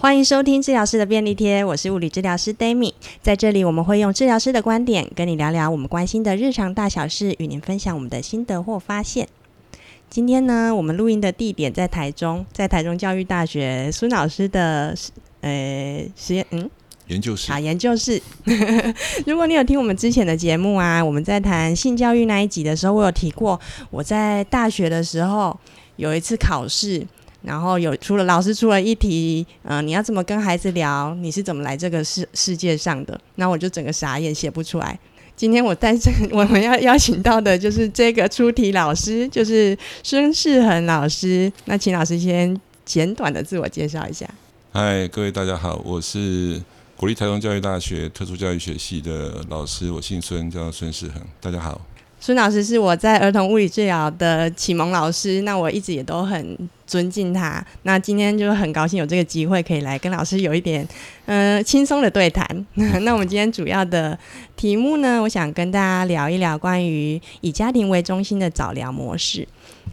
歡迎收聽治療師的便利貼，我是物理治療師 Dami，在這裡我們會用治療師的觀點跟你聊聊我們關心的日常大小事，與您分享我們的心得或發現。今天呢，我們錄音的地點在台中，在台中教育大學孫老師的呃實驗嗯研究室啊研究室。究室 如果你有聽我們之前的節目啊，我們在談性教育那一集的時候，我有提過我在大學的時候有一次考試。然後有出了，老師出了一題，嗯、呃，你要怎麼跟孩子聊？你是怎麼來這個世世界上的？那我就整個傻眼，寫不出來。今天我帶這我們要邀請到的就是這個出題老師，就是孫世恆老師。那請老師先簡短的自我介紹一下。嗨，各位大家好，我是國立台中教育大學特殊教育學系的老師，我姓孫，叫孫世恆。大家好。孫老師是我在兒童物理治療的啟蒙老師，那我一直也都很尊敬他。那今天就很高興有這個機會可以來跟老師有一點嗯輕鬆的對談。 那我們今天主要的題目呢，我想跟大家聊一聊關於以家庭為中心的早療模式。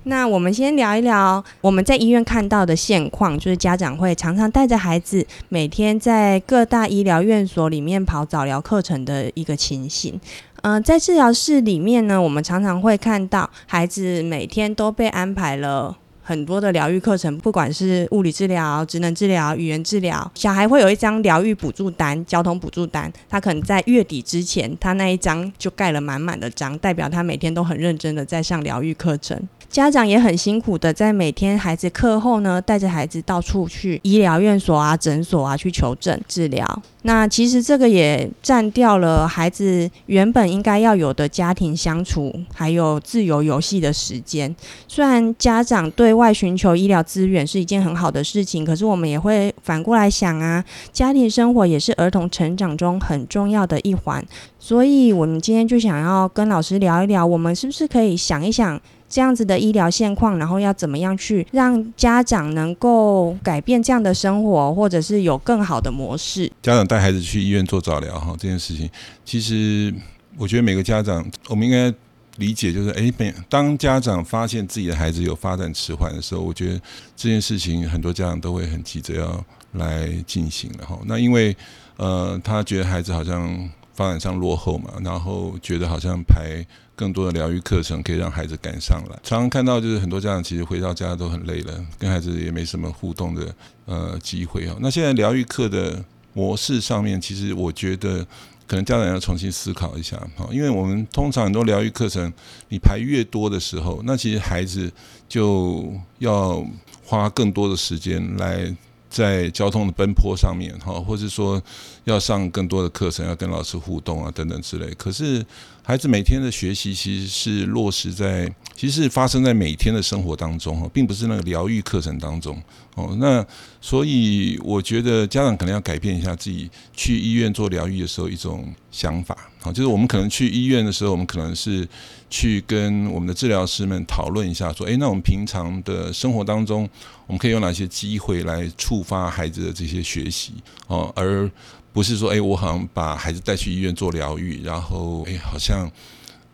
那我們先聊一聊我們在醫院看到的現況，就是家長會常常帶着孩子每天在各大醫療院所裡面跑早療課程的一個情形。嗯、呃，在治療室裡面呢，我們常常會看到孩子每天都被安排了很多的療育課程，不管是物理治療、職能治療、語言治療，小孩會有一張療育補助單、交通補助單，他可能在月底之前，他那一張就蓋了滿滿的章，代表他每天都很認真的在上療育課程。家長也很辛苦的，在每天孩子課後呢，帶着孩子到處去醫療院所啊、診所啊去求診治療。那其實這個也占掉了孩子原本應該要有的家庭相處還有自由遊戲的時間。雖然家長對外尋求醫療資源是一件很好的事情，可是我們也會反過來想啊，家庭生活也是兒童成長中很重要的一環。所以，我們今天就想要跟老師聊一聊，我們是不是可以想一想。這樣子的醫療現況，然後要怎麼樣去讓家長能夠改變這樣的生活，或者是有更好的模式？家長帶孩子去醫院做早療，哈，這件事情，其實我覺得每個家長我們應該理解，就是誒，每當家長發現自己的孩子有發展遲緩的時候，我覺得這件事情很多家長都會很急着要來進行了，哈，那因為呃，他覺得孩子好像發展上落後嘛，然後覺得好像排。更多的療育課程可以讓孩子趕上來。常常看到就是很多家長其實回到家都很累了，跟孩子也沒什麼互動的呃機會哦，那現在療育課的模式上面，其實我覺得可能家長要重新思考一下啊，因為我們通常很多療育課程，你排越多的時候，那其實孩子就要花更多的時間來，在交通的奔波上面，哈，或是說要上更多的課程，要跟老師互動啊，等等之類。可是孩子每天的學習其實是落實在，其實是發生在每天的生活當中，哈，並不是那個療育課程當中，哦。那所以我覺得家長可能要改變一下自己去醫院做療育的時候一種想法，好，就是我們可能去醫院的時候，我們可能是。去跟我們的治療師們討論一下，說，哎，那我們平常的生活當中，我們可以用哪些機會來觸發孩子的這些學習哦，而不是說，哎，我好像把孩子帶去醫院做療育，然後，哎，好像。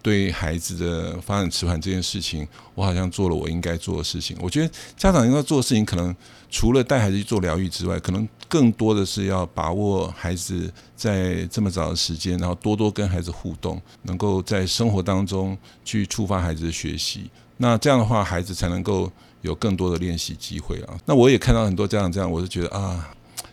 對孩子的發展遲緩這件事情，我好像做了我應該做的事情。我覺得家長應該做的事情，可能除了帶孩子去做療育之外，可能更多的是要把握孩子在這麼早的時間，然後多多跟孩子互動，能夠在生活當中去觸發孩子的學習。那這樣的話，孩子才能夠有更多的練習機會啊。那我也看到很多家長這樣，我就覺得啊，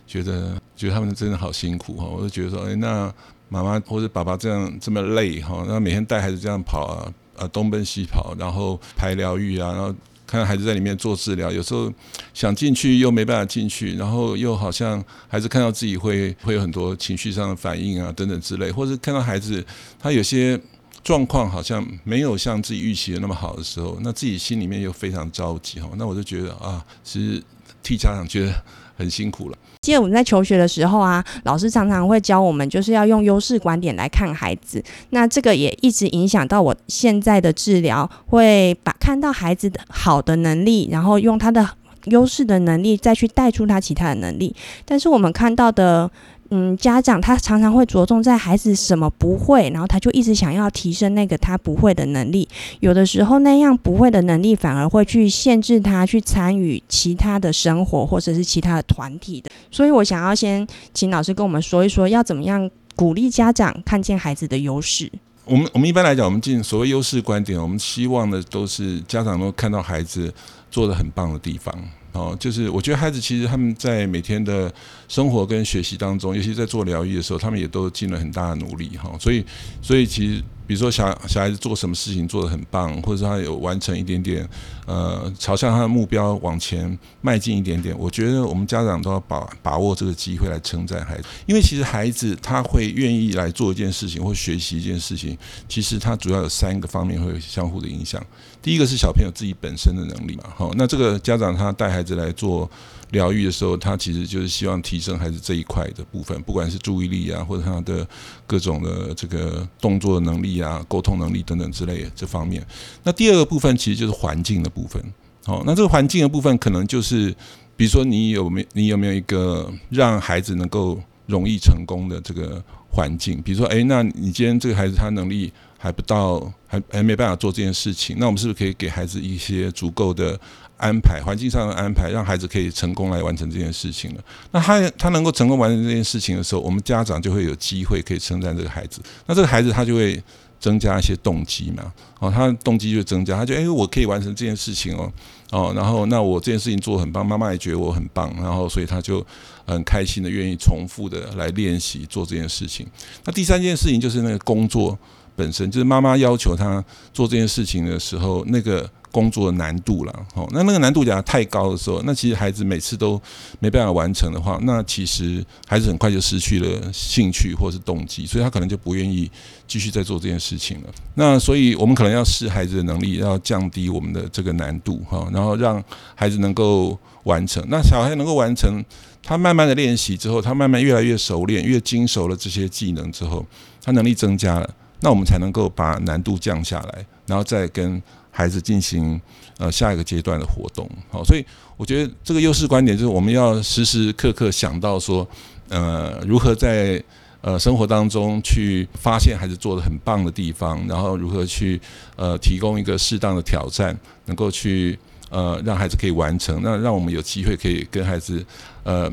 覺得覺得他們真的好辛苦哈。我就覺得說，哎，那。媽媽或者爸爸這樣這麼累哈，那每天帶孩子這樣跑啊，啊，東奔西跑，然後排療育啊，然後看到孩子在裡面做治療，有時候想進去又沒辦法進去，然後又好像孩子看到自己會會有很多情緒上的反應啊等等之類，或者看到孩子他有些狀況好像沒有像自己預期的那麼好的時候，那自己心裡面又非常着急哈，那我就覺得啊，其實替家長覺得很辛苦了。記得我們在求學的時候啊，老師常常會教我們，就是要用優勢觀點來看孩子。那這個也一直影響到我現在的治療，會把看到孩子的好的能力，然後用他的優勢的能力再去帶出他其他的能力。但是我們看到的。嗯，家長他常常會着重在孩子什麼不會，然後他就一直想要提升那個他不會的能力。有的時候那樣不會的能力反而會去限制他去參與其他的生活或者是其他的團體的。所以我想要先請老師跟我們說一說，要怎麼樣鼓勵家長看見孩子的優勢。我們我們一般來講，我們進所謂優勢觀點，我們希望的都是家長能夠看到孩子做得很棒的地方。哦，就是我覺得孩子其實他們在每天的。生活跟學習當中，尤其在做療育的時候，他們也都盡了很大的努力哈。所以，所以其實，比如說小小孩子做什麼事情做得很棒，或者說他有完成一點點，呃，朝向他的目標往前邁進一點點，我覺得我們家長都要把把握這個機會來稱讚孩子，因為其實孩子他會願意來做一件事情或學習一件事情，其實他主要有三個方面會有相互的影響。第一個是小朋友自己本身的能力嘛，哈，那這個家長他帶孩子來做。療育的時候，他其實就是希望提升孩子這一塊的部分，不管是注意力啊，或者他的各種的這個動作能力啊、溝通能力等等之類的這方面。那第二個部分其實就是環境的部分。好，那這個環境的部分可能就是，比如說你有沒有，你有沒有一個讓孩子能夠容易成功的這個環境？比如說，哎，那你今天這個孩子他能力還不到，還還沒辦法做這件事情，那我們是不是可以給孩子一些足夠的？安排環境上的安排，讓孩子可以成功來完成這件事情了。那他他能夠成功完成這件事情的時候，我們家長就會有機會可以稱讚這個孩子。那這個孩子他就會增加一些動機嘛。哦，他動機就會增加，他就哎、欸，我可以完成這件事情哦哦。然後那我這件事情做很棒，媽媽也覺得我很棒，然後所以他就很開心的願意重複的來練習做這件事情。那第三件事情就是那個工作本身，就是媽媽要求他做這件事情的時候那個。工作的難度了，哦，那那個難度假如太高的時候，那其實孩子每次都沒辦法完成的話，那其實孩子很快就失去了興趣或是動機，所以他可能就不願意繼續再做這件事情了。那所以我們可能要試孩子的能力，要降低我們的這個難度，哈，然後讓孩子能夠完成。那小孩能夠完成，他慢慢的練習之後，他慢慢越來越熟練，越精熟了這些技能之後，他能力增加了，那我們才能夠把難度降下來，然後再跟。孩子進行呃下一個階段的活動，好，所以我覺得這個優勢觀點就是我們要時時刻刻想到說，呃，如何在呃生活當中去發現孩子做得很棒的地方，然後如何去呃提供一個適當的挑戰，能夠去呃讓孩子可以完成，那讓我們有機會可以跟孩子呃。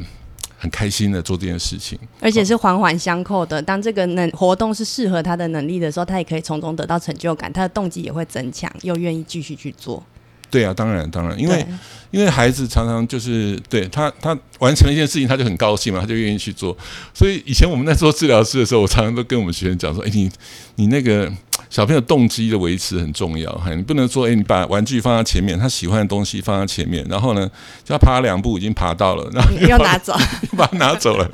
很開心的做這件事情，而且是環環相扣的。哦、當這個能活動是適合他的能力的時候，他也可以從中得到成就感，他的動機也會增強，又願意繼續去做。對啊，當然，當然，因為因為孩子常常就是對他，他完成一件事情，他就很高興嘛，他就願意去做。所以以前我們在做治療師的時候，我常常都跟我們學員講說：“誒、欸，你你那個。”小朋友動機的維持很重要哈，你不能說誒、欸，你把玩具放在前面，他喜歡的東西放在前面，然後呢，就要爬兩步已經爬到了，然後你要拿走， 把它拿走了。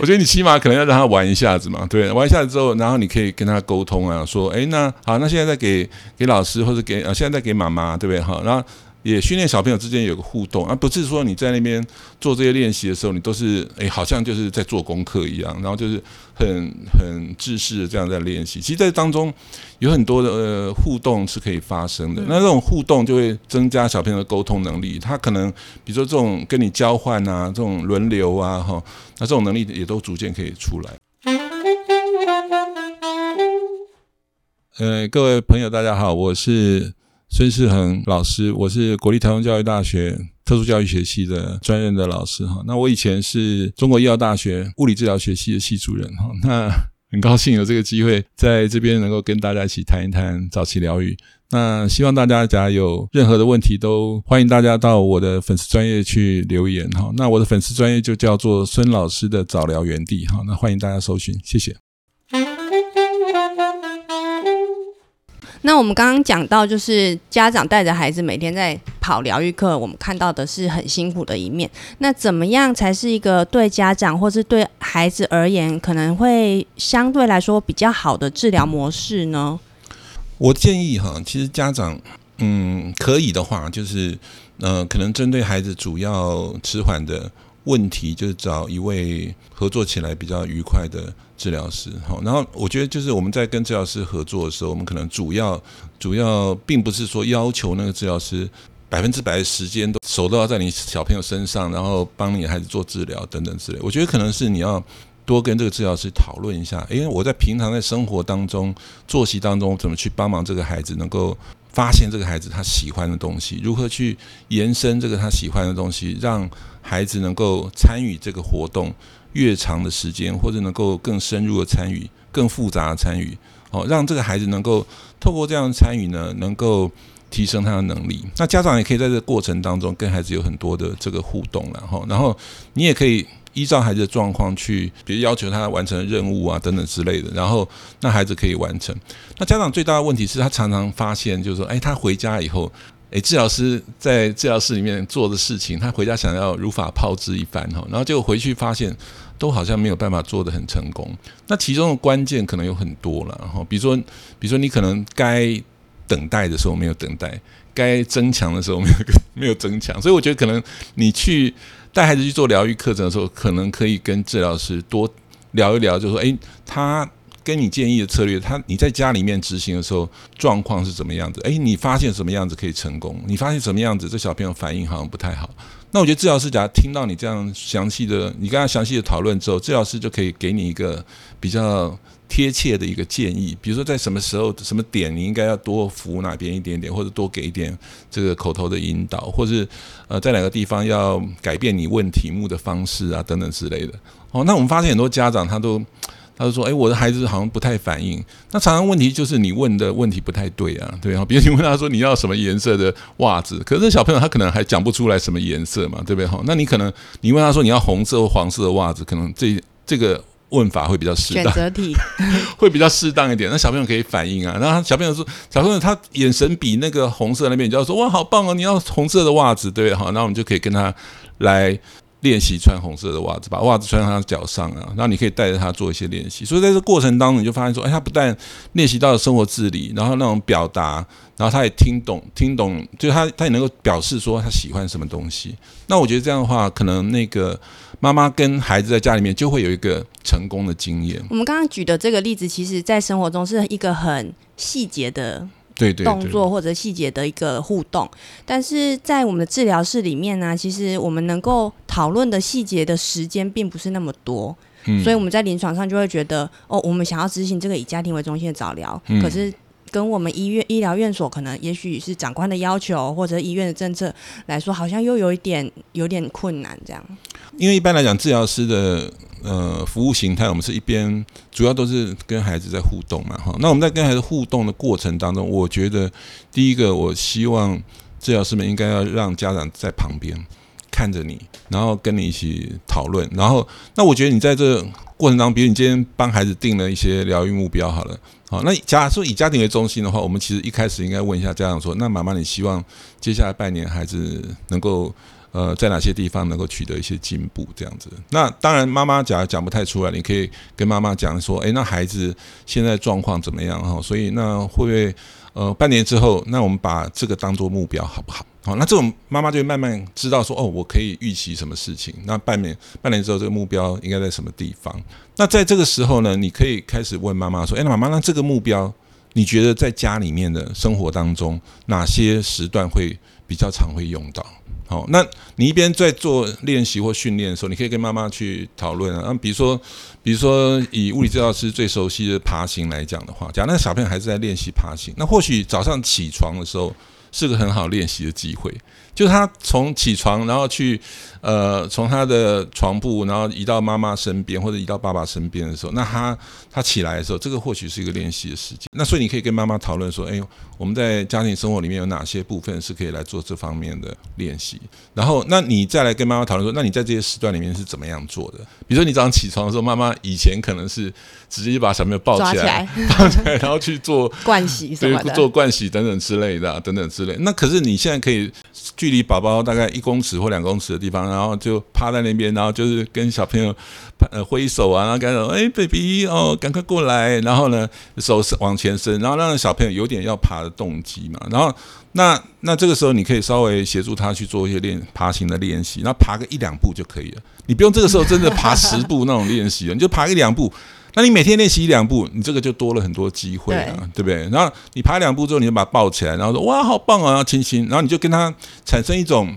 我覺得你起碼可能要讓他玩一下子嘛，對，對，玩一下子之後，然後你可以跟他溝通啊，說，哎、欸，那好，那現在再給給老師或者給啊、呃，現在再給媽媽，對不對哈？然後。也訓練小朋友之間有個互動，而、啊、不是說你在那邊做這些練習的時候，你都是哎、欸，好像就是在做功課一樣，然後就是很很制式的這樣在練習。其實，在當中有很多的、呃、互動是可以發生的，那這種互動就會增加小朋友的溝通能力。他可能比如說這種跟你交換啊，這種輪流啊，哈、哦，那這種能力也都逐漸可以出來。嗯、呃，各位朋友，大家好，我是。孫世恆老師，我是國立臺中教育大學特殊教育學系的專任的老師哈。那我以前是中國醫藥大學物理治療學系的系主任哈。那很高興有這個機會在這邊能夠跟大家一起談一談早期療育。那希望大家假有任何的問題，都歡迎大家到我的粉絲專頁去留言哈。那我的粉絲專頁就叫做孫老師的早療園地哈。那歡迎大家搜尋，謝謝。那我們剛剛講到，就是家長帶着孩子每天在跑療育課，我們看到的是很辛苦的一面。那怎麼樣才是一個對家長或是對孩子而言，可能會相對來說比較好的治療模式呢？我建議哈，其實家長嗯可以的話，就是嗯、呃、可能針對孩子主要遲緩的問題，就是找一位合作起來比較愉快的。治療師，然後我覺得，就是我們在跟治療師合作的時候，我們可能主要主要並不是說要求那個治療師百分之百的時間都手都要在你小朋友身上，然後幫你的孩子做治療等等之類的。我覺得可能是你要多跟這個治療師討論一下，因為我在平常在生活當中、作息當中，怎麼去幫忙這個孩子能夠。發現這個孩子他喜歡的東西，如何去延伸這個他喜歡的東西，讓孩子能夠參與這個活動越長的時間，或者能夠更深入的參與、更複雜的參與，哦，讓這個孩子能夠透過這樣的參與呢，能夠提升他的能力。那家長也可以在這個過程當中跟孩子有很多的這個互動，然後，然後你也可以。依照孩子的狀況去，比如要求他完成任務啊等等之類的，然後那孩子可以完成。那家長最大的問題是，他常常發現就是說，哎，他回家以後，哎，治療師在治療室裡面做的事情，他回家想要如法炮製一番哈，然後結果回去發現都好像沒有辦法做得很成功。那其中的關鍵可能有很多了，然後比如說，比如說你可能該等待的時候沒有等待，該增強的時候沒有沒有增強，所以我覺得可能你去。.帶孩子去做療育課程的時候，可能可以跟治療師多聊一聊，就說：哎、欸，他跟你建議的策略，他你在家裡面執行的時候，狀況是怎麼樣子？哎、欸，你發現什麼樣子可以成功？你發現什麼樣子，這小朋友反應好像不太好。那我覺得治療師假如聽到你這樣詳細的，你跟他詳細的討論之後，治療師就可以給你一個比較貼切的一個建議，比如說在什麼時候、什麼點你應該要多扶哪邊一點點，或者多給一點這個口頭的引導，或是呃在哪個地方要改變你問題目的方式啊等等之類的。哦，那我們發現很多家長他都。他就說：“哎、欸，我的孩子好像不太反應。那常常問題就是你問的問題不太對啊，對啊。比如你問他說，你要什麼顏色的襪子，可是這小朋友他可能還講不出來什麼顏色嘛，對不對？哈，那你可能你問他說，你要紅色或黃色的襪子，可能這這個問法會比較適當，選擇題 會比較適當一點。那小朋友可以反應啊。那他小朋友說，小朋友他眼神比那個紅色那邊，你就要說，哇，好棒哦，你要紅色的襪子，對？好，那我們就可以跟他來。”練習穿紅色的襪子，把襪子穿在他腳上啊，然後你可以帶着他做一些練習。所以在這個過程當中，你就發現說，哎，他不但練習到了生活自理，然後那種表達，然後他也聽懂，聽懂，就是他他也能夠表示說他喜歡什麼東西。那我覺得這樣的話，可能那個媽媽跟孩子在家裡面就會有一個成功的經驗。我們剛剛舉的這個例子，其實在生活中是一個很細節的。對對對，動作或者細節的一個互動，對對對，但是在我們的治療室裡面呢、啊，其實我們能夠討論的細節的時間並不是那麼多、嗯，所以我們在臨床上就會覺得，哦，我們想要執行這個以家庭為中心的早療、嗯，可是。跟我們醫院、醫療院所可能，也許是長官的要求或者醫院的政策來說，好像又有一點、有點困難這樣。因為一般來講，治療師的呃服務形態，我們是一邊主要都是跟孩子在互動嘛，哈。那我們在跟孩子互動的過程當中，我覺得第一個，我希望治療師們應該要讓家長在旁邊看着你，然後跟你一起討論。然後，那我覺得你在這過程當中，比如你今天幫孩子定了一些療育目標，好了。好，那假如以家庭為中心的話，我們其實一開始應該問一下家長說：“那媽媽，你希望接下來半年孩子能夠呃，在哪些地方能夠取得一些進步？這樣子。”那當然，媽媽假如講不太出來，你可以跟媽媽講說：“哎，那孩子現在狀況怎麼樣？哈，所以那會不會呃，半年之後，那我們把這個當做目標，好不好？”好，那這種媽媽就會慢慢知道說，哦，我可以預期什麼事情。那半年半年之後，這個目標應該在什麼地方？那在這個時候呢，你可以開始問媽媽說，欸，那媽媽，那這個目標，你覺得在家裡面的生活當中，哪些時段會比較常會用到？好，那你一邊在做練習或訓練的時候，你可以跟媽媽去討論啊。那比如說，比如說以物理治療師最熟悉的爬行來講的話，假如那小朋友還是在練習爬行，那或許早上起床的時候。是個很好練習的機會。就他從起床，然後去，呃，從他的床鋪，然後移到媽媽身邊或者移到爸爸身邊的時候，那他他起來的時候，這個或許是一個練習的時間。那所以你可以跟媽媽討論說，哎呦，我們在家庭生活裡面有哪些部分是可以來做這方面的練習？然後，那你再來跟媽媽討論說，那你在這些時段裡面是怎麼樣做的？比如說你早上起床的時候，媽媽以前可能是直接就把小朋友抱起來，抱起來， 然後去做盥洗什麼的，做盥洗等等之類的，啊，等等之類的。那可是你現在可以。距離寶寶大概一公尺或兩公尺的地方，然後就趴在那邊，然後就是跟小朋友拍揮手啊，然後跟他說哎、欸、，baby 哦，趕快過來，然後呢手是往前伸，然後讓小朋友有點要爬的動機嘛。然後那那這個時候你可以稍微協助他去做一些練爬行的練習，那爬個一兩步就可以了，你不用這個時候真的爬十步那種練習，你就爬一兩步。那你每天練習一兩步，你這個就多了很多機會啊對，對不對？然後你爬兩步之後，你就把他抱起來，然後說：“哇，好棒啊，親親。”然後你就跟他產生一種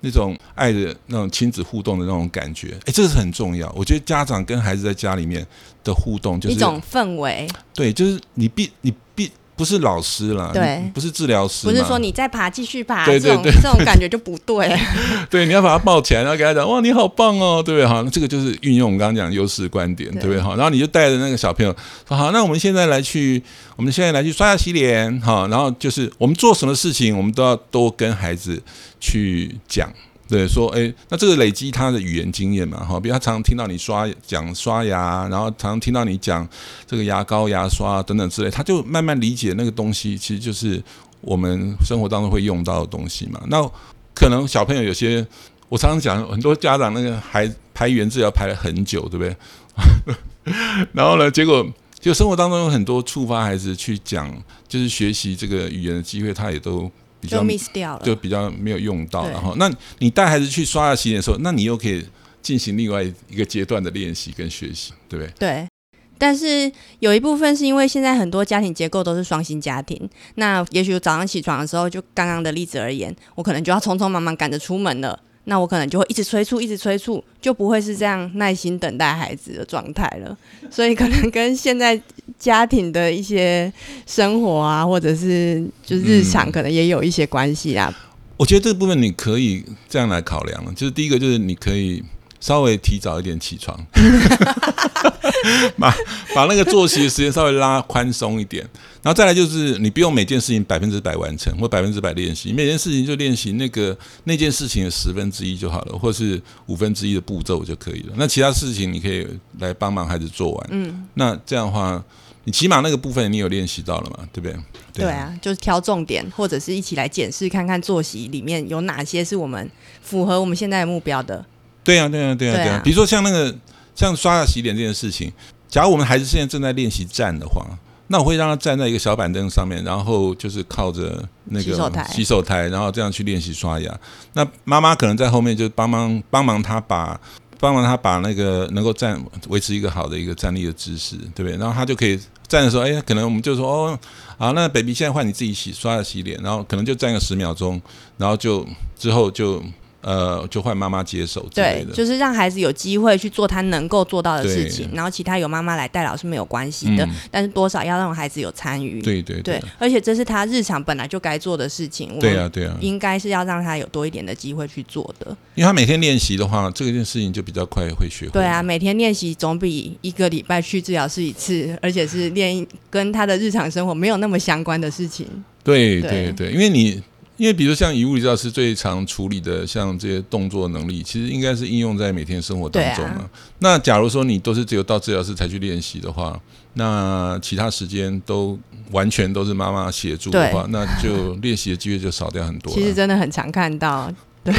那種愛的那種親子互動的那種感覺。哎，這是很重要。我覺得家長跟孩子在家裡面的互動就是一種氛圍。對，就是你必你必。不是老師啦，對，不是治療師，不是說你再爬繼續爬，對對對，這，這種感覺就不對。 對，你要把他抱起來，然後給他講，哇，你好棒哦，對不對哈？這個就是運用我們剛剛講的優勢觀點，對不對哈？然後你就帶着那個小朋友說，好，那我們現在來去，我們現在來去刷牙洗臉哈。然後就是我們做什麼事情，我們都要多跟孩子去講。對，說哎，那這個累積他的語言經驗嘛，哈，比如他常聽到你刷講刷牙，然後常聽到你講這個牙膏、牙刷等等之類，他就慢慢理解那個東西，其實就是我們生活當中會用到的東西嘛。那可能小朋友有些，我常常講，很多家長那個孩排語言治療要排了很久，對不對？ 然後呢，結果就生活當中有很多觸發孩子去講，就是學習這個語言的機會，他也都。就 miss 掉了，就比較沒有用到。然後，那你帶孩子去刷牙洗臉的時候，那你又可以進行另外一個階段的練習跟學習，對不對？對。但是有一部分是因為現在很多家庭結構都是雙薪家庭，那也許早上起床的時候，就剛剛的例子而言，我可能就要匆匆忙忙趕着出門了。那我可能就會一直催促，一直催促，就不會是這樣耐心等待孩子的狀態了。所以可能跟現在家庭的一些生活啊，或者是就是日常，可能也有一些關係啊。嗯，我覺得這個部分你可以這樣來考量，就是第一個，就是你可以。稍微提早一點起床 把，把把那個作息的時間稍微拉寬鬆一點，然後再來就是你不用每件事情百分之百完成或百分之百練習，每件事情就練習那個那件事情的十分之一就好了，或是五分之一的步驟就可以了。那其他事情你可以來幫忙孩子做完。嗯，那這樣的話，你起碼那個部分你有練習到了嘛，對不對？對啊，對就是挑重點，或者是一起來檢視看看作息裡面有哪些是我們符合我們現在的目標的。對呀、啊，對呀、啊，對呀、啊，對呀、啊啊。比如說像那個像刷牙洗臉這件事情，假如我們孩子現在正在練習站的話，那我會讓他站在一個小板凳上面，然後就是靠着那個洗手台，然後這樣去練習刷牙。那媽媽可能在後面就幫忙幫忙他把幫忙他把那個能夠站維持一個好的一個站立的姿勢，對不對？然後他就可以站的時候，哎可能我們就說哦，好、啊，那 baby 現在換你自己洗刷牙洗臉，然後可能就站個十秒鐘，然後就之後就。呃，就換媽媽接手，對，就是讓孩子有機會去做他能夠做到的事情，然後其他由媽媽來代勞是沒有關係的、嗯。但是多少要讓孩子有參與，對對對、啊、對，而且這是他日常本來就該做的事情。對啊對啊，應該是要讓他有多一點的機會去做的、啊啊，因為他每天練習的話，這個件事情就比較快會學會。對啊，每天練習總比一個禮拜去治療室一次，而且是練跟他的日常生活沒有那麼相關的事情。對對對對，因為你。因為比如像以物理治療師，最常處理的，像這些動作能力，其實應該是應用在每天生活當中嘛。對啊、那假如說你都是只有到治療室才去練習的話，那其他時間都完全都是媽媽協助的話，那就練習的機會就少掉很多。其實真的很常看到。對，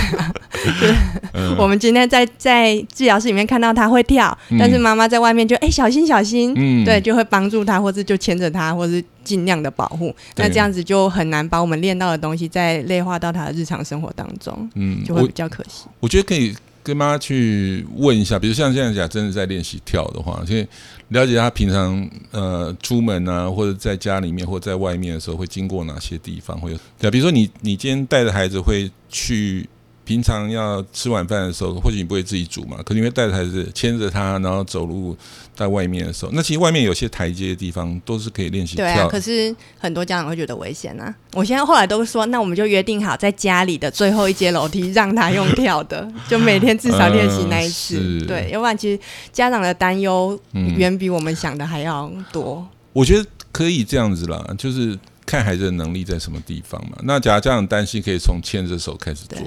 我們今天在在治療室裡面看到他會跳，嗯、但是媽媽在外面就哎、欸、小心小心，嗯、對，就會幫助他，或者就牽着他，或是儘量的保護，嗯。那這樣子就很難把我們練到的東西再內化到他的日常生活當中，嗯，就會比較可惜。我，我覺得可以。跟媽去問一下，比如像這樣講真的在練習跳的話，去了解他平常呃出門啊，或者在家裡面，或者在外面的時候，會經過哪些地方，會有比如說你你今天帶着孩子會去。平常要吃晚飯的時候，或許你不會自己煮嘛，可是你會帶着孩子牽着他，然後走路到外面的時候，那其實外面有些台階的地方都是可以練習跳的。對啊，可是很多家長會覺得危險啊。我現在後來都說，那我們就約定好，在家裡的最後一階樓梯讓他用跳的， 就每天至少練習那一次、呃。對，要不然其實家長的擔憂遠比我們想的還要多、嗯。我覺得可以這樣子啦，就是看孩子的能力在什麼地方嘛。那假如家長擔心，可以從牽着手開始做。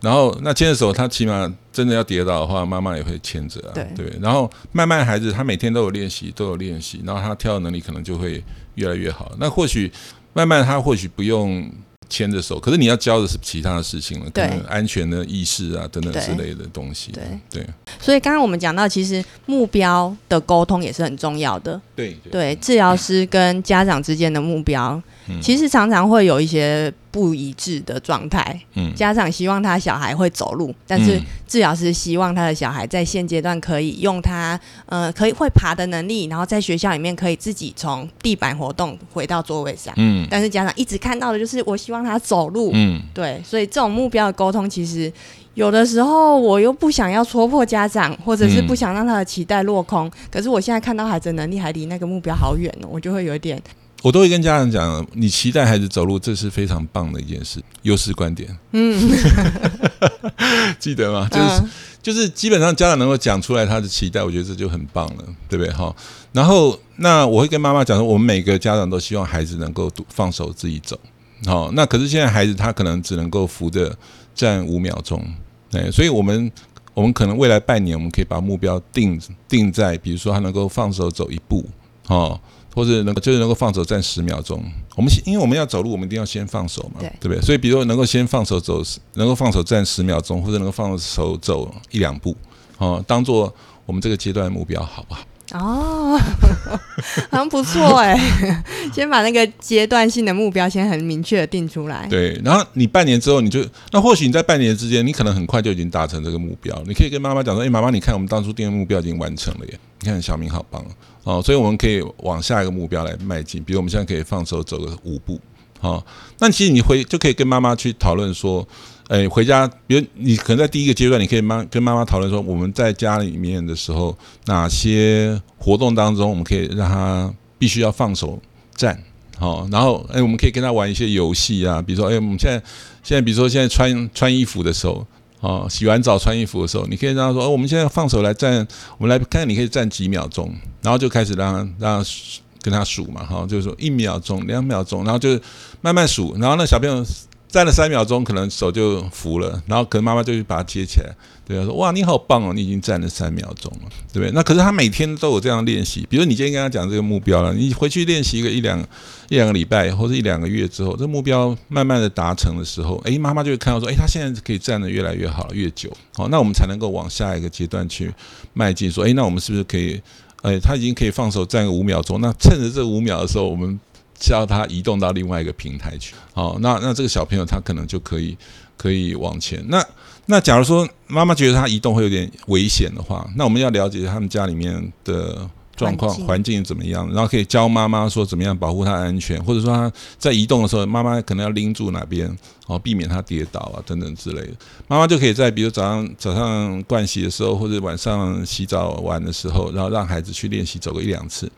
然後那牽着手，他起碼真的要跌倒的話，媽媽也會牽着啊，對。對，然後慢慢孩子他每天都有練習，都有練習，然後他跳的能力可能就會越來越好。那或許慢慢他或許不用牽着手，可是你要教的是其他的事情了，可能安全的意識啊等等之類的東西對對，對。所以剛剛我們講到，其實目標的溝通也是很重要的，對對，對，治療師跟家長之間的目標，嗯、其實常常會有一些。不一致的狀態，嗯，家長希望他小孩會走路，但是治療師希望他的小孩在現階段可以用他，呃，可以會爬的能力，然後在學校裡面可以自己從地板活動回到座位上，嗯，但是家長一直看到的就是我希望他走路，嗯，對，所以這種目標的溝通，其實有的時候我又不想要戳破家長，或者是不想讓他的期待落空，可是我現在看到孩子能力還離那個目標好遠哦，我就會有點。我都會跟家長講，你期待孩子走路，這是非常棒的一件事，優勢觀點。嗯， 記得嗎？就是、嗯、就是基本上家長能夠講出來他的期待，我覺得這就很棒了，對不對？哈、哦。然後，那我會跟媽媽講說，我們每個家長都希望孩子能夠放手自己走，好、哦。那可是現在孩子他可能只能夠扶着站五秒鐘，誒、哎，所以我們我們可能未來半年我們可以把目標定定在，比如說他能夠放手走一步，哦。或者能就是能夠放手站十秒鐘，我們先因為我們要走路，我們一定要先放手嘛，對，對不對？所以，比如說能夠先放手走，能夠放手站十秒鐘，或者能夠放手走一兩步，哦、呃，當做我們這個階段目標，好不好？哦，好像不錯哎、欸， 先把那個階段性的目標先很明確的定出來。對，然後你半年之後，你就那或許你在半年之間，你可能很快就已經達成這個目標。你可以跟媽媽講說：“哎，媽媽，你看我們當初定的目標已經完成了耶！你看小明好棒。”哦，所以我們可以往下一個目標來邁進。比如我們現在可以放手走個五步，好。那其實你回就可以跟媽媽去討論說，哎，回家，比如你可能在第一個階段，你可以媽跟媽媽討論說，我們在家裡面的時候，哪些活動當中我們可以讓他必須要放手站，好。然後哎，我們可以跟他玩一些遊戲啊，比如說哎，我們現在現在比如說現在穿穿衣服的時候。哦，洗完澡穿衣服的時候，你可以讓他說：“我們現在放手來站，我們來看看你可以站幾秒鐘。”然後就開始讓他讓他跟他數嘛，哈，就是說一秒鐘、兩秒鐘，然後就慢慢數，然後那小朋友，站了三秒鐘，可能手就扶了，然後可能媽媽就去把它接起來，對他說，哇，你好棒哦，你已經站了三秒鐘了，對不對？那可是他每天都有這樣練習，比如你今天跟他講這個目標了，你回去練習一個一兩一兩個禮拜，或者一兩個月之後，這目標慢慢的達成的時候，哎，媽媽就會看到說，哎，他現在可以站得越來越好，越久，好、哦，那我們才能夠往下一個階段去邁進，說，哎，那我們是不是可以，哎，他已經可以放手站個五秒鐘，那趁着這五秒的時候，我們。教他移動到另外一個平台去，哦，好，那那這個小朋友他可能就可以可以往前。那那假如說媽媽覺得他移動會有點危險的話，那我們要了解他們家裡面的狀況環境，環境怎麼樣，然後可以教媽媽說怎麼樣保護他安全，或者說他在移動的時候媽媽可能要拎住哪邊，哦，避免他跌倒啊等等之類的。媽媽就可以在比如早上早上盥洗的時候或者晚上洗澡完的時候，然後讓孩子去練習走個一兩次。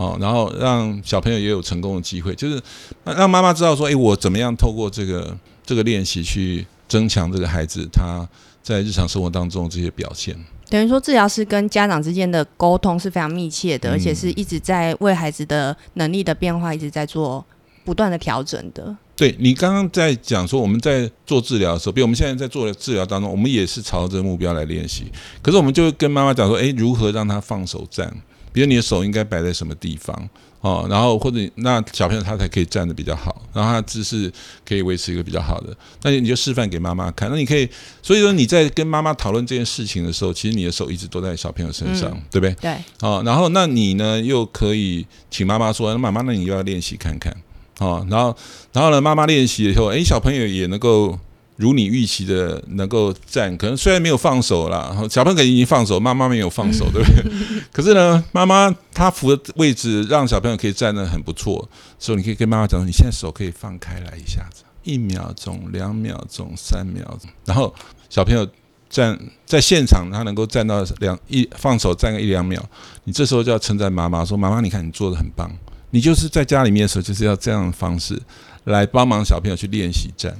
哦，然後讓小朋友也有成功的機會，就是讓媽媽知道說，誒，我怎麼樣透過這個這個練習去增強這個孩子他在日常生活當中這些表現。等於說，治療師跟家長之間的溝通是非常密切的，嗯，而且是一直在為孩子的能力的變化一直在做不斷的調整的。對，你剛剛在講說，我們在做治療的時候，比如我們現在在做的治療當中，我們也是朝着目標來練習。可是我們就會跟媽媽講說，誒，如何讓他放手站？比如你的手應該擺在什麼地方哦，然後或者那小朋友他才可以站得比較好，然後他姿勢可以維持一個比較好的，那你就示範給媽媽看。那你可以，所以說你在跟媽媽討論這件事情的時候，其實你的手一直都在小朋友身上，嗯，對不對？對。哦，然後那你呢又可以請媽媽說，那媽媽那你就要練習看看哦，然後然後呢媽媽練習以後，哎小朋友也能夠。如你預期的，能夠站，可能雖然沒有放手啦，然後小朋友可能已經放手，媽媽沒有放手，對不對？可是呢，媽媽她扶的位置讓小朋友可以站得很不錯。所以你可以跟媽媽講說：“你現在手可以放開來，一下子，一秒鐘、兩秒鐘、三秒鐘。”然後小朋友站在現場，他能夠站到兩一放手站個一兩秒，你這時候就要稱讚媽媽說：“媽媽，你看你做的很棒，你就是在家裡面的時候，就是要這樣的方式來幫忙小朋友去練習站。”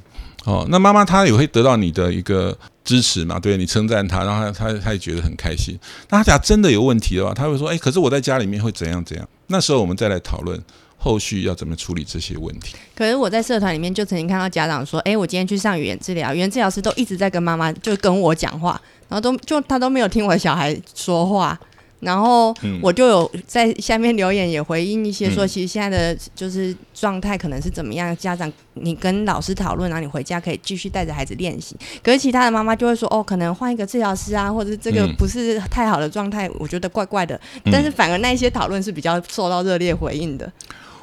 哦，那媽媽她也會得到你的一個支持嘛？對你稱讚她，然後她她,她也覺得很開心。那她假如真的有問題的話，她會說：“誒，可是我在家裡面會怎樣怎樣？”那時候我們再來討論後續要怎麼處理這些問題。可是我在社團裡面就曾經看到家長說：“誒，我今天去上語言治療，語言治療師都一直在跟媽媽就跟我講話，然後都就他都沒有聽我的小孩說話。”然後我就有在下面留言，也回應一些說，其實現在的就是狀態可能是怎麼樣？家長，你跟老師討論，然後你回家可以繼續帶着孩子練習。可是其他的媽媽就會說，哦，可能換一個治療師啊，或者是這個不是太好的狀態，我覺得怪怪的。但是反而那一些討論是比較受到熱烈回應的。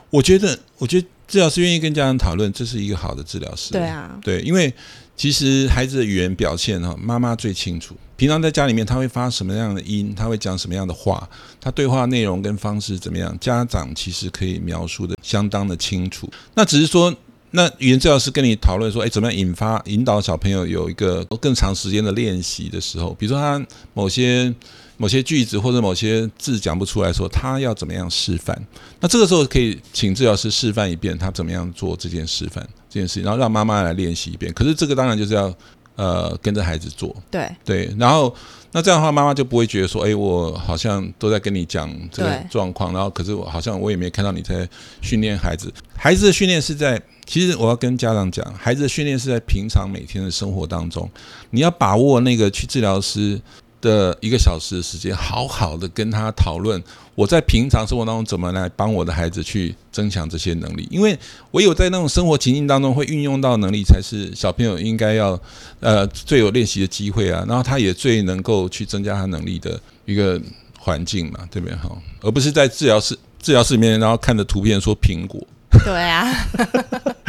我覺得，我覺得治療師願意跟家長討論，這是一個好的治療師。對啊，對，因為。其實孩子的語言表現哈，媽媽最清楚。平常在家裡面，他會發什麼樣的音？他會講什麼樣的話？他對話內容跟方式怎麼樣？家長其實可以描述得相當的清楚。那只是說，那語言治療師跟你討論說，哎，怎麼樣引發，引導小朋友有一個更長時間的練習的時候，比如說他某些，某些句子或者某些字講不出來說，他要怎麼樣示範？那這個時候可以請治療師示範一遍，他怎麼樣做這件示範件事，然後讓媽媽來練習一遍。可是這個當然就是要，呃，跟着孩子做。對對，然後那這樣的話，媽媽就不會覺得說，哎，我好像都在跟你講這個狀況，然後可是我好像我也沒看到你在訓練孩子。孩子的訓練是在，其實我要跟家長講，孩子的訓練是在平常每天的生活當中，你要把握那個去治療師的一個小時的時間，好好的跟他討論，我在平常生活當中怎麼來幫我的孩子去增強這些能力，因為唯有在那種生活情境當中會運用到能力，才是小朋友應該要呃最有練習的機會啊，然後他也最能夠去增加他能力的一個環境嘛，對不對？哈、哦，而不是在治療室治療室裡面，然後看着圖片說蘋果。對啊，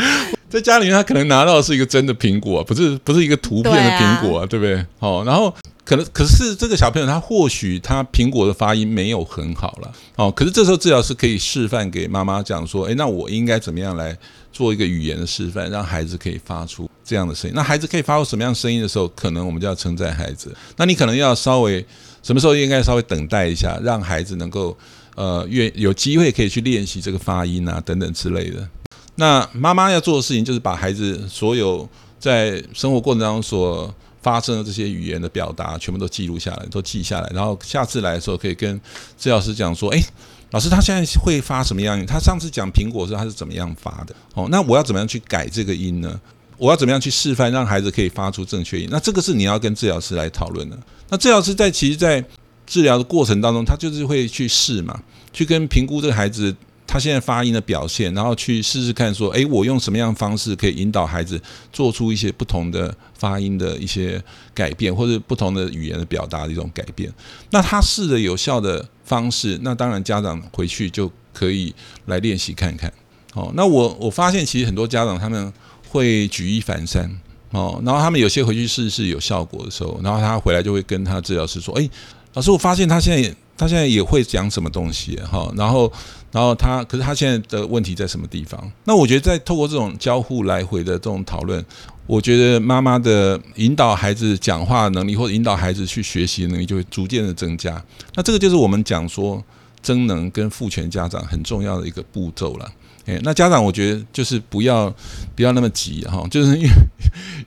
在家裡面他可能拿到的是一個真的蘋果、啊，不是不是一個圖片的蘋果、啊對啊，對不對？好、哦，然後。可能可是這個小朋友他或許他蘋果的發音沒有很好了哦，可是這時候治療師可以示範給媽媽講說，誒，那我應該怎麼樣來做一個語言的示範，讓孩子可以發出這樣的聲音？那孩子可以發出什麼樣聲音的時候，可能我們就要稱讚孩子。那你可能要稍微什麼時候應該稍微等待一下，讓孩子能夠呃，願有機會可以去練習這個發音啊，等等之類的。那媽媽要做的事情就是把孩子所有在生活過程當中所。發生的這些語言的表達，全部都記錄下來，都記下來，然後下次來的時候可以跟治療師講說：“哎，老師，他現在會發什麼樣的音？他上次講蘋果的時候，他是怎麼樣發的？哦，那我要怎麼樣去改這個音呢？我要怎麼樣去示範，讓孩子可以發出正確音？那這個是你要跟治療師來討論的。那治療師在其實，在治療的過程當中，他就是會去試嘛，去跟評估這個孩子。”他現在發音的表現，然後去試試看，說，哎、欸，我用什麼樣的方式可以引導孩子做出一些不同的發音的一些改變，或者不同的語言的表達的一種改變。那他試着有效的方式，那當然家長回去就可以來練習看看。哦，那我我發現其實很多家長他們會舉一反三，哦，然後他們有些回去試試有效果的時候，然後他回來就會跟他治療師說，哎、欸，老師，我發現他現在他現在也會講什麼東西哈、啊哦，然後。然後他，可是他現在的問題在什麼地方？那我覺得，在透過這種交互來回的這種討論，我覺得媽媽的引導孩子講話能力，或者引導孩子去學習的能力，就會逐漸的增加。那這個就是我們講說增能跟賦權家長很重要的一個步驟了。誒、哎，那家長我覺得就是不要不要那麼急哈、啊，就是因為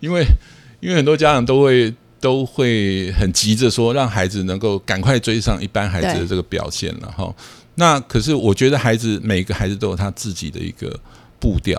因為因為很多家長都會都會很急着說讓孩子能夠趕快追上一般孩子的這個表現了哈。那可是，我覺得孩子每個孩子都有他自己的一個步調，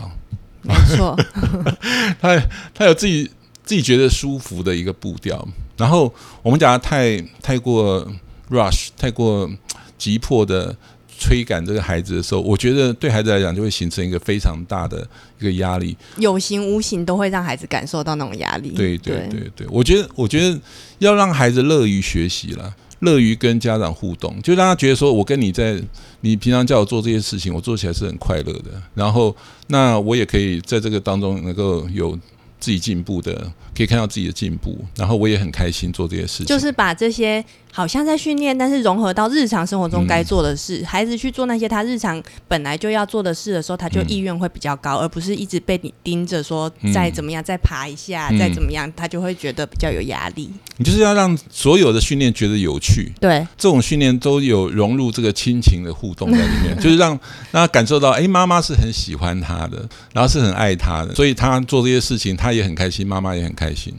沒錯， 他他有自己自己覺得舒服的一個步調。然後我們講的太太過 rush，太過急迫的催趕這個孩子的時候，我覺得對孩子來講就會形成一個非常大的一個壓力，有形無形都會讓孩子感受到那種壓力。對對對對，對我覺得我覺得要讓孩子樂於學習了。樂於跟家長互動，就讓他覺得說：“我跟你在，你平常叫我做這些事情，我做起來是很快樂的。然後，那我也可以在這個當中能夠有自己進步的，可以看到自己的進步，然後我也很開心做這些事情。”就是把這些。好像在訓練，但是融合到日常生活中該做的事。嗯，孩子去做那些他日常本來就要做的事的時候，他就意願會比較高，嗯，而不是一直被你盯着說，嗯，再怎麼樣，再爬一下，嗯，再怎麼樣，他就會覺得比較有壓力。你就是要讓所有的訓練覺得有趣。對，這種訓練都有融入這個親情的互動在裡面， 就是讓讓他感受到，哎、欸，媽媽是很喜歡他的，然後是很愛他的，所以他做這些事情，他也很開心，媽媽也很開心。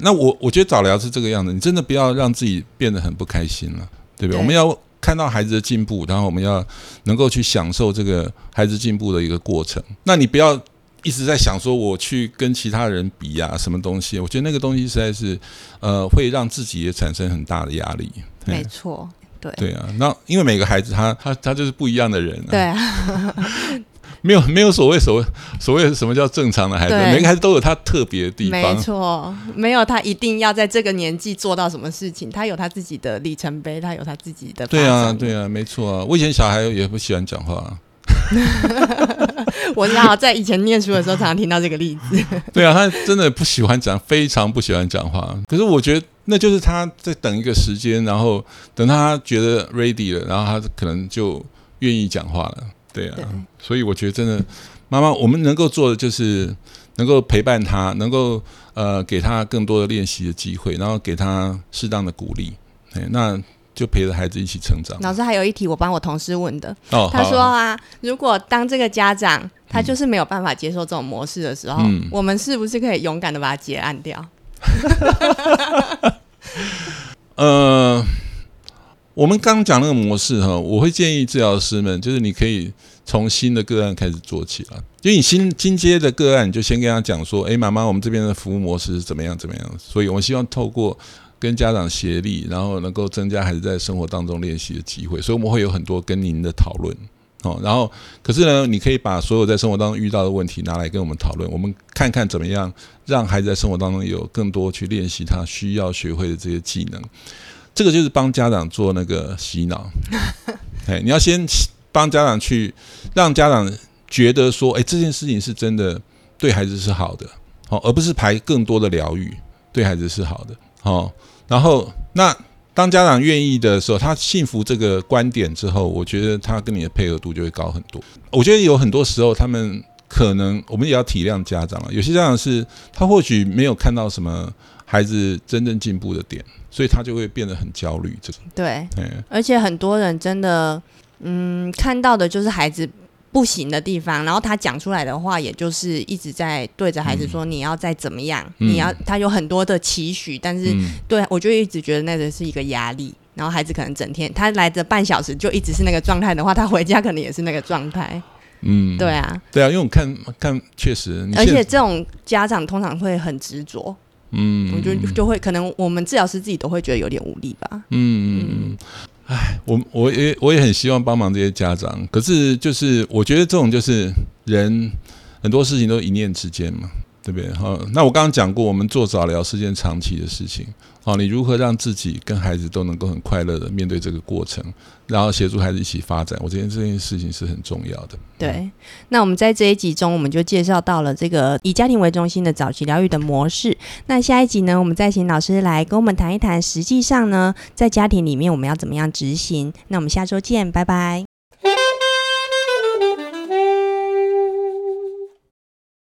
那我我覺得早療是這個樣子，你真的不要讓自己變得很不開心了，對不對？對。我們要看到孩子的進步，然後我們要能夠去享受這個孩子進步的一個過程。那你不要一直在想說我去跟其他人比呀啊，什麼東西？我覺得那個東西實在是，呃，會讓自己也產生很大的壓力。沒錯，對。對啊，那因為每個孩子他他他就是不一樣的人啊。對啊。 沒有，沒有所謂、所謂、所謂什麼叫正常的孩子，每個孩子都有他特別的地方。沒錯，沒有他一定要在這個年紀做到什麼事情，他有他自己的里程碑，他有他自己的。對啊，對啊，沒錯啊。我以前小孩也不喜歡講話， 我知道在以前念書的時候，常常聽到這個例子。 對啊，他真的不喜歡講，非常不喜歡講話。可是我覺得那就是他在等一個時間，然後等他覺得 ready 了，然後他可能就願意講話了。對啊對，所以我覺得真的，媽媽，我們能夠做的就是能夠陪伴他，能夠呃給他更多的練習的機會，然後給他適當的鼓勵，哎，那就陪着孩子一起成長。老師還有一題，我幫我同事問的，他、哦、說啊，啊，如果當這個家長、嗯、他就是沒有辦法接受這種模式的時候，嗯、我們是不是可以勇敢的把它結案掉？ 呃。我們剛剛講那個模式哈，我會建議治療師們，就是你可以從新的個案開始做起來。因為你新進階的個案，你就先跟他講說，哎、欸，媽媽，我們這邊的服務模式是怎麼樣怎麼樣。所以，我們希望透過跟家長協力，然後能夠增加孩子在生活當中練習的機會。所以，我們會有很多跟您的討論哦。然後，可是呢，你可以把所有在生活當中遇到的問題拿來跟我們討論，我們看看怎麼樣讓孩子在生活當中有更多去練習他需要學會的這些技能。這個就是幫家長做那個洗腦，哎，你要先幫家長去讓家長覺得說，哎，這件事情是真的對孩子是好的，好、哦，而不是排更多的療育對孩子是好的，好、哦。然後，那當家長願意的時候，他信服這個觀點之後，我覺得他跟你的配合度就會高很多。我覺得有很多時候，他們可能，我們也要體諒家長了，有些家長是他或許沒有看到什麼孩子真正進步的點。所以他就會變得很焦慮，這種、個、對，而且很多人真的，嗯，看到的就是孩子不行的地方，然後他講出來的話，也就是一直在對着孩子說你要再怎麼樣，嗯、你要他有很多的期許、嗯，但是、嗯、對，我就一直覺得那個是一個壓力，然後孩子可能整天他來這半小時就一直是那個狀態的話，他回家可能也是那個狀態，嗯，對啊，對啊，因為我看看確實，而且這種家長通常會很執着。嗯，我覺得就會可能我們治療師自己都會覺得有點無力吧。嗯嗯，唉，我我也我也很希望幫忙這些家長，可是就是我覺得這種就是人很多事情都一念之間嘛，對不對？哈、哦，那我剛剛講過，我們做早療是件長期的事情。好，你如何讓自己跟孩子都能夠很快樂的面對這個過程，然後協助孩子一起發展？我覺得這件事情是很重要的。對，那我們在這一集中，我們就介紹到了這個以家庭為中心的早期療育的模式。那下一集呢，我們再請老師來跟我們談一談，實際上呢，在家庭裡面我們要怎麼樣執行？那我們下周見，拜拜。